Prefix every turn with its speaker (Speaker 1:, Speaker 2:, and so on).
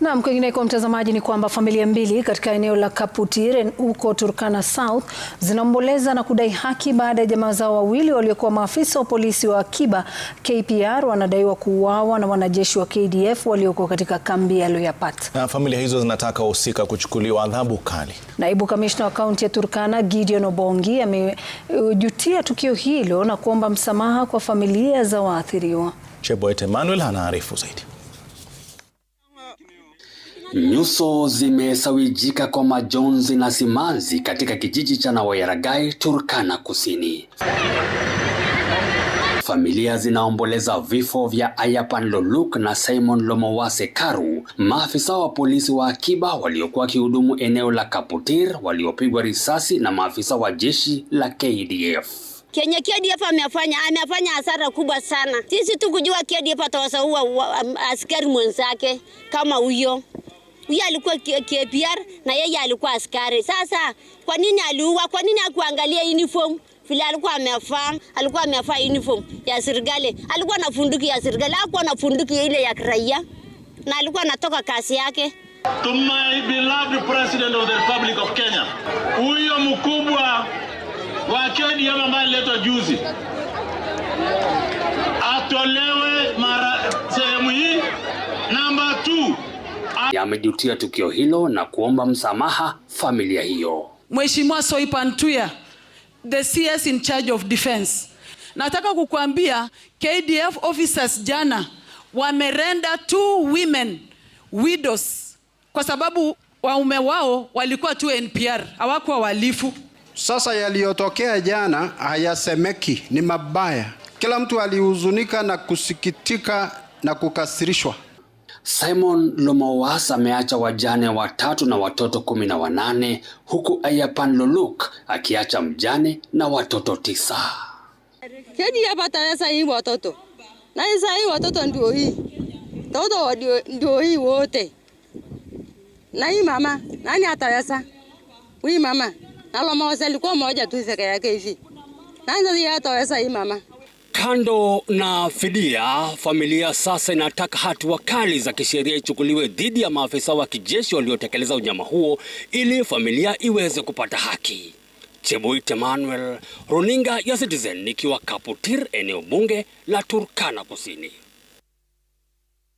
Speaker 1: Naam, kwingineko mtazamaji, ni kwamba familia mbili katika eneo la Kaputir huko Turkana South zinaomboleza na kudai haki baada ya jamaa zao wawili waliokuwa maafisa wa polisi wa akiba KPR wanadaiwa kuuawa na wanajeshi wa KDF walioko katika kambi ya Loyapat.
Speaker 2: Na familia hizo zinataka wahusika kuchukuliwa adhabu kali.
Speaker 1: Naibu kamishna wa kaunti ya Turkana Gideon Obongi amejutia tukio hilo na kuomba msamaha kwa familia za waathiriwa.
Speaker 2: Cheboet Emmanuel anaarifu zaidi.
Speaker 3: Nyuso zimesawijika kwa majonzi na simanzi katika kijiji cha Nawayaragai, Turkana Kusini. Familia zinaomboleza vifo vya Ayapan Loluk na Simon Lomowase Karu, maafisa wa polisi wa akiba waliokuwa wakihudumu eneo la Kaputir waliopigwa risasi na maafisa wa jeshi la KDF.
Speaker 4: Kenye KDF amefanya amefanya hasara kubwa sana. Sisi tukujua KDF atawasaua um, um, askari mwenzake kama huyo huyo alikuwa KPR na yeye alikuwa askari. Sasa kwa nini aliua? Kwa nini akuangalia uniform vile alikuwa amevaa? Alikuwa amevaa uniform ya serikali, alikuwa na funduki ya serikali, hakuwa na funduki ile ya kiraia, na alikuwa anatoka kasi yake.
Speaker 5: To my beloved president of the Republic of Kenya, huyo mkubwa wa KDM ambaye aliletwa juzi atolewe mara
Speaker 3: yamejutia tukio hilo na kuomba msamaha familia hiyo.
Speaker 6: Mheshimiwa Soipan Tuya, the CS in charge of defense, nataka kukuambia KDF officers jana wamerenda two women widows kwa sababu waume wao walikuwa tu NPR, hawakuwa walifu.
Speaker 7: Sasa yaliyotokea jana hayasemeki, ni mabaya. Kila mtu alihuzunika na kusikitika na kukasirishwa.
Speaker 3: Simon Lomawas ameacha wajane watatu na watoto kumi na wanane huku Ayapan Luluk akiacha mjane na watoto tisa.
Speaker 8: Kedi yapata sasa hii watoto na sasa hii watoto ndio hii toto ndio hii wote na hii mama nani atayasa hii mama na Lomawas alikuwa moja tu peke yake hivi nani atayasa hii mama
Speaker 3: Kando na fidia, familia sasa inataka hatua kali za kisheria ichukuliwe dhidi ya maafisa wa kijeshi waliotekeleza unyama huo ili familia iweze kupata haki. Chebuit Emmanuel, runinga ya Citizen nikiwa Kaputir, eneo bunge la Turkana Kusini.